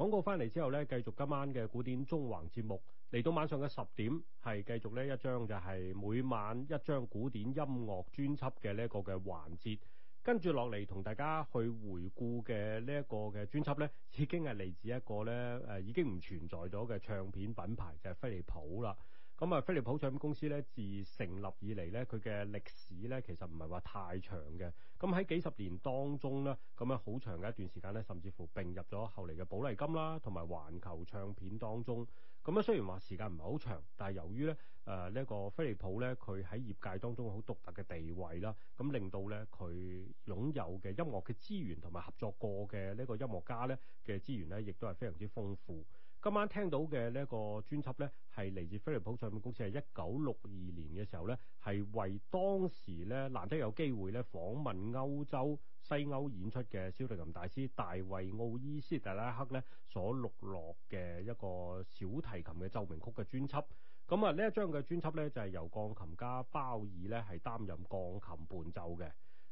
廣告翻嚟之後咧，繼續今晚嘅古典縱橫節目，嚟到晚上嘅十點，係繼續呢一張就係每晚一張古典音樂專輯嘅呢一個嘅環節，跟住落嚟同大家去回顧嘅呢一個嘅專輯咧，已經係嚟自一個咧誒已經唔存在咗嘅唱片品牌就係飛利浦啦。咁啊，飛利浦唱片公司咧，自成立以嚟咧，佢嘅歷史咧其實唔係話太長嘅。咁喺幾十年當中咧，咁樣好長嘅一段時間咧，甚至乎併入咗後嚟嘅寶麗金啦，同埋環球唱片當中。咁咧雖然話時間唔係好長，但係由於咧誒呢個飛利浦咧，佢喺業界當中好獨特嘅地位啦，咁令到咧佢擁有嘅音樂嘅資源同埋合作過嘅呢個音樂家咧嘅資源咧，亦都係非常之豐富。今晚聽到嘅呢個專輯咧，係嚟自菲利普唱片公司，係一九六二年嘅時候咧，係為當時咧難得有機會咧訪問歐洲西歐演出嘅小提琴大師大衛奧伊斯特拉克咧所錄落嘅一個小提琴嘅奏鳴曲嘅專輯。咁啊，呢一張嘅專輯咧就係由鋼琴家包爾咧係擔任鋼琴伴奏嘅。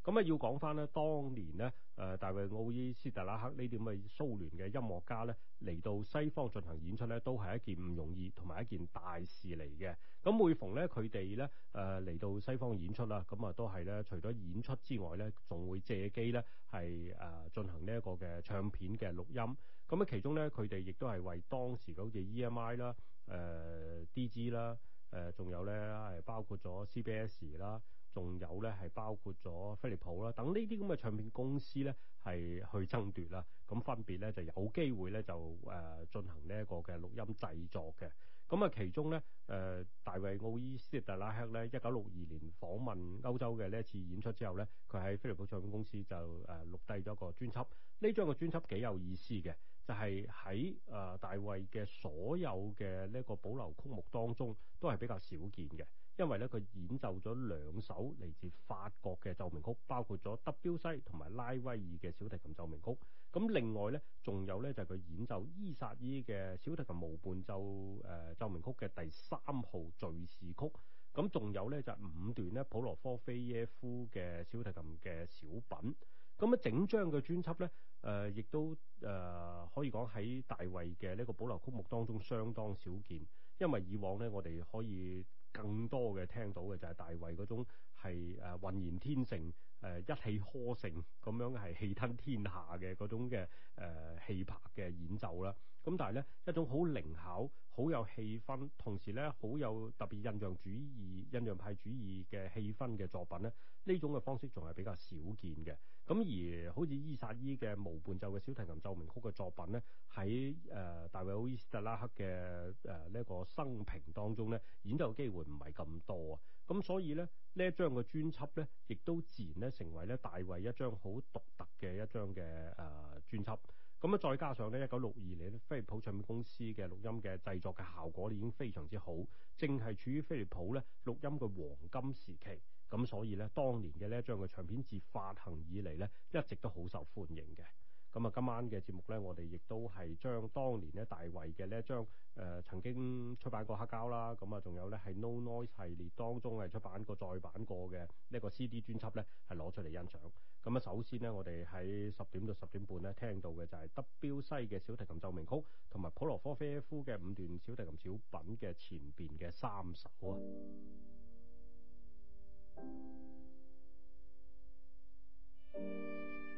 咁啊，要講翻咧，當年咧，誒，大衛奧伊斯特拉克呢啲咁嘅蘇聯嘅音樂家咧，嚟到西方進行演出咧，都係一件唔容易同埋一件大事嚟嘅。咁每逢咧，佢哋咧，誒嚟到西方演出啦，咁啊，都係咧，除咗演出之外咧，仲會借機咧，係誒進行呢一個嘅唱片嘅錄音。咁啊，其中咧，佢哋亦都係為當時嘅好似 EMI 啦、誒 DG 啦、誒仲有咧係包括咗 CBS 啦。仲有咧，係包括咗菲利普啦，等呢啲咁嘅唱片公司咧，係去爭奪啦。咁分別咧，就有機會咧，就誒進行呢一個嘅錄音製作嘅。咁啊，其中咧，誒大衛奧伊斯特拉克咧，一九六二年訪問歐洲嘅呢一次演出之後咧，佢喺菲利普唱片公司就誒錄低咗一個專輯。呢張嘅專輯幾有意思嘅，就係喺誒大衛嘅所有嘅呢一個保留曲目當中，都係比較少見嘅。因為咧，佢演奏咗兩首嚟自法國嘅奏鳴曲，包括咗德彪西同埋拉威爾嘅小提琴奏鳴曲。咁另外咧，仲有咧就係佢演奏伊薩伊嘅小提琴無伴奏誒、呃、奏鳴曲嘅第三號敘事曲。咁仲有咧就係五段咧普羅科菲耶夫嘅小提琴嘅小品。咁啊，整張嘅專輯咧，誒、呃、亦都誒、呃、可以講喺大衛嘅呢個保留曲目當中相當少見，因為以往咧，我哋可以。更多嘅聽到嘅就係大衛嗰種係誒渾然天成誒、呃，一氣呵成咁樣，係氣吞天下嘅嗰種嘅誒氣魄嘅演奏啦。咁但係咧，一種好靈巧、好有氣氛，同時咧好有特別印象主義、印象派主義嘅氣氛嘅作品咧，呢種嘅方式仲係比較少見嘅。咁而好似伊薩伊嘅無伴奏嘅小提琴奏鳴曲嘅作品咧，喺誒大衛奧伊斯特拉克嘅誒呢一個生平當中咧，演奏機會唔係咁多啊。咁所以咧，呢一張嘅專輯咧，亦都自然咧成為咧大衛一張好獨特嘅一張嘅誒專輯。咁啊，再加上咧，一九六二年飛利浦唱片公司嘅錄音嘅製作嘅效果已經非常之好，正係處於飛利浦咧錄音嘅黃金時期。咁所以咧，當年嘅呢一張唱片自發行以嚟咧，一直都好受歡迎嘅。咁啊，今晚嘅節目咧，我哋亦都係將當年咧大衞嘅呢張誒曾經出版過黑膠啦，咁啊，仲有咧係 No Noise 系列當中係出版過再版過嘅呢一個 CD 專輯咧，係攞出嚟欣賞。咁啊，首先呢，我哋喺十點到十點半咧聽到嘅就係德彪西嘅小提琴奏鳴曲，同埋普羅科菲夫嘅五段小提琴小品嘅前邊嘅三首啊。